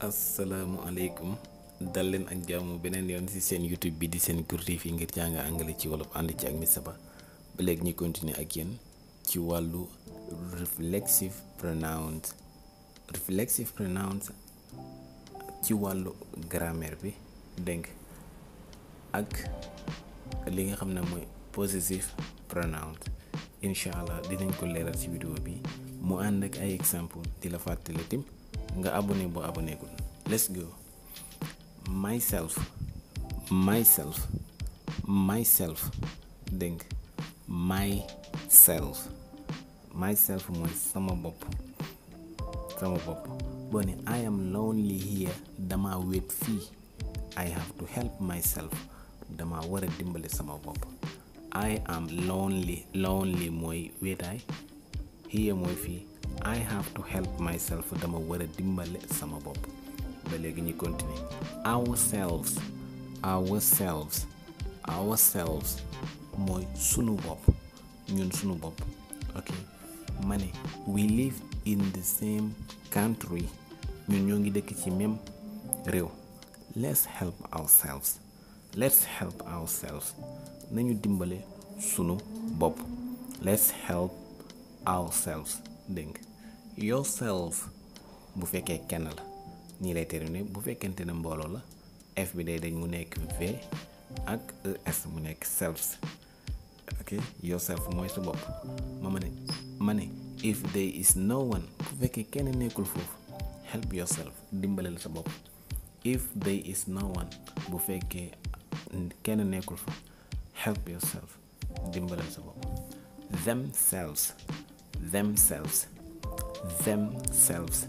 asalaamualeykum dal leen ak jàmm beneen yoon ci seen youtube bi di seen kurti yi ngir jàng anglais ci wolof ànd ci ak Miss Saba ba léegi ñu continuer ak yéen ci wàllu reflexive pronouns reflexive pronouns ci wàllu grammaire bi dégg ak li nga xam ne mooy possessive pronouns incha allah dinañ ko leeral ci vidéo bi mu ànd ak ay exemple di la fàttali tim nga abone boo abonné gul let's go myself myself myself dégg myself myself mooy sama bopp sama bopp boo ne I am lonely here dama wéet fii I have to help myself dama war a dimbali sama bopp I am lonely lonely mooy wéetaay here mooy fii I have to help myself dama war a dimbale sama bopp ba léegi ñuy continuer ourselves ourselves mooy sunu bopp ñun sunu bopp ok ma ne we live in the same country ñun ñoo ngi dëkk ci même réew let's help ourselves let's help ourselves nañu dimbale sunu bopp let's help ourselves dégg nga yourself bu fekkee kenn la ñii lay terminer bu fekkente ne mbooloo la f bi day dañ mu nekk v ak es mu nekk selves ok yourself mooy sa bopp ma ma ne ma ne if there is no one bu fekkee kenn nekkul foofu help yourself dimbalal sa bopp if there is no one kenn nekkul foofu help sa bopp themselves themselves themselves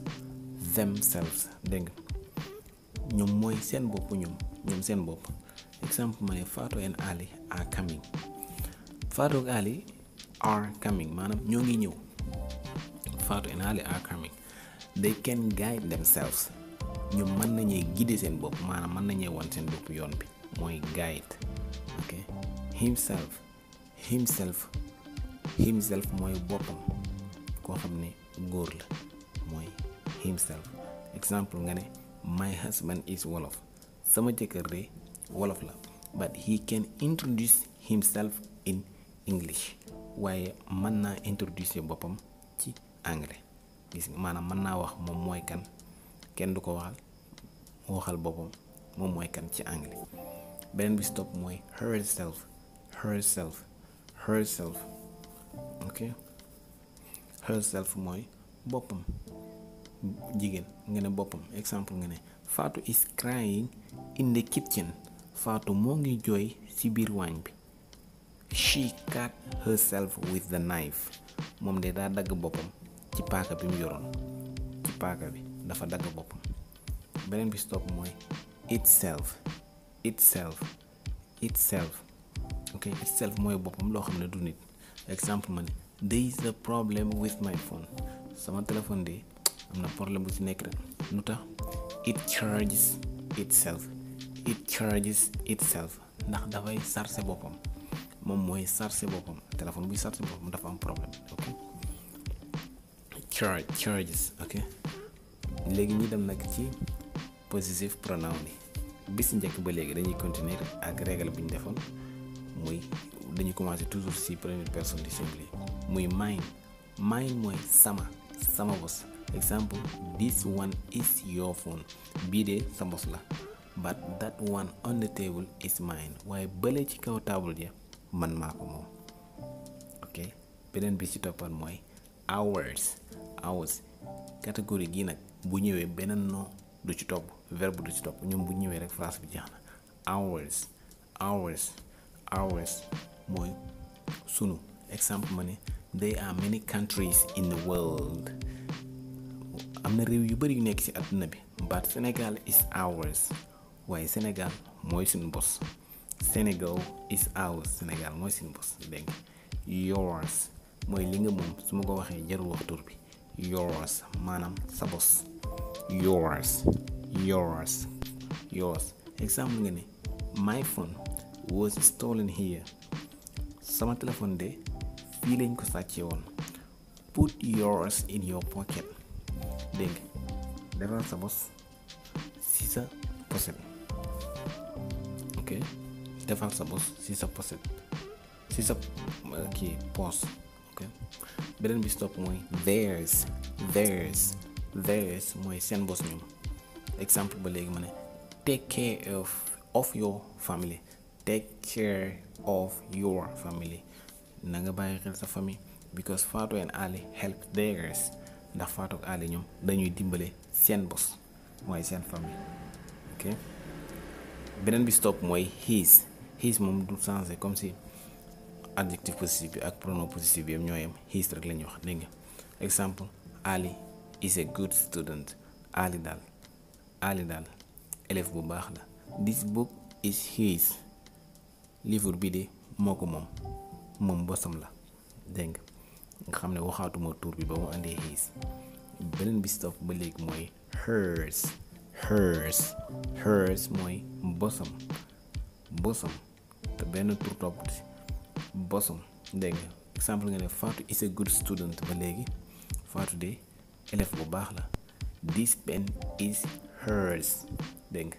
themselves dégg nga ñoom mooy seen bopp ñoom ñoom seen bopp exemple ma ne Fatou Ali are coming Fatou ak Ali are coming maanaam ñoo ngi ñëw Fatou and Ali are coming they can guide themselves ñoom mën nañuy guider seen bopp maanaam mën nañuy wan seen bopp yoon bi mooy guide ok himself himself himself mooy boppam koo xam ne góor la mooy himself exemple nga ne my husband is wolof sama jëkkër de wolof la but he can introduce himself in english waaye mën naa introduce boppam ci anglais gis nga maanaam mën naa wax moom mooy kan kenn du ko waxal waxal boppam moom mooy kan ci anglais beneen bi stop mooy herself herself herself herself mooy boppam jigéen nga ne boppam exemple nga ne Fatou is crying in the kitchen Fatou moo ngi jooy ci biir waañ bi she cut herself with the knife moom de daa dagg boppam ci paaka bi mu yoroon ci paaka bi dafa dagg boppam beneen bi stop mooy itself itself itself ok itself mooy boppam loo xam ne du nit exemple ma ne there problème a problem with my phone sama téléphone de am na problème bu ci nekk rek lu tax it charges itself it charges itself ndax dafay charger boppam moom mooy sarse boppam téléphone buy charger boppam dafa am problème ok charge charges léegi ñuy dem nag ci possessive pronoun bi bis njëkk ba léegi dañuy continuer ak règle bi ñu defoon muy dañuy commencer toujours si première personne du simple muy mine mine mooy sama sama bos exemple this one is your phone bii de sa bos la but that one on table is mine waaye bële ci kaw taabul ja man maa ko moom ok beneen bi ci toppat mooy hours hours catégorie gii nag bu ñëwee beneen noo du ci topp verbe du ci topp ñoom bu ñëwee rek phrase bi jeex na hours hours hours mooy sunu exemple ma ne there are many countries in the world am na réew yu bëri yu nekk ci àdduna bi but Sénégal is ours waaye Sénégal mooy suñu bos Sénégal is ours Sénégal mooy suñu bos dégg yours mooy li nga moom su ma ko waxee jarul wax tur bi yours maanaam sa bos yours yours yours exemple nga ne my phone was stolen here sama téléphone de fii lañ ko sàccee woon put yours in your pocket dégg sa bos si sa poset ok defal sa bos si sa poset si sa euh, kii poos beneen bi stop mooy theirs theirs theirs mooy seen bos ñoom exemple ba léegi ma ne take care of of your family take care of your family na nga sa because Fatou and Ali help theirs The Fatou and Ali then you dimble seen bos mo seen family, ok beneen bi stop mooy his his moom du changé comme si adjectif positif bi ak pronom positif bi yëpp ñoo his rek la wax dégg nga exemple Ali is a good student Ali dal, Ali dal, élève bu baax la this book is his. livre bi de moo ko moom moom bosam la dégg nga xam ne waxaatuma tur bi ba mu andee his beneen bi stof ba léegi mooy hers hers hers mooy bosam bosam te benn tur topp ci bosam dégg exemple nga ne Fatou is a good student ba léegi Fatou de élève bu baax la this pen is hers dégg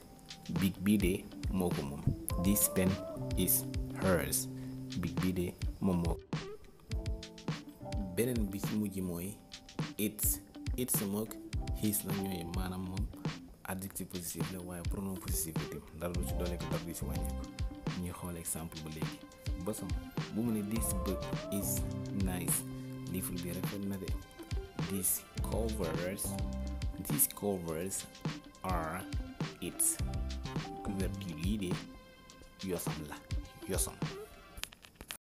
big bii de moo ko moom this pen is hers big bi momo moom bi ci mujj mooy it's it's mook his la ñooy maanaam moom adjectif positif la waaye pronom positif la tamit dara du ci doole ko dara du ci wàññeeku ñuy xool exemple ba léegi bosom bu mu ne this book is nice livre bi rafet na de these covers these covers are its couverture yi de yosam la 皆さん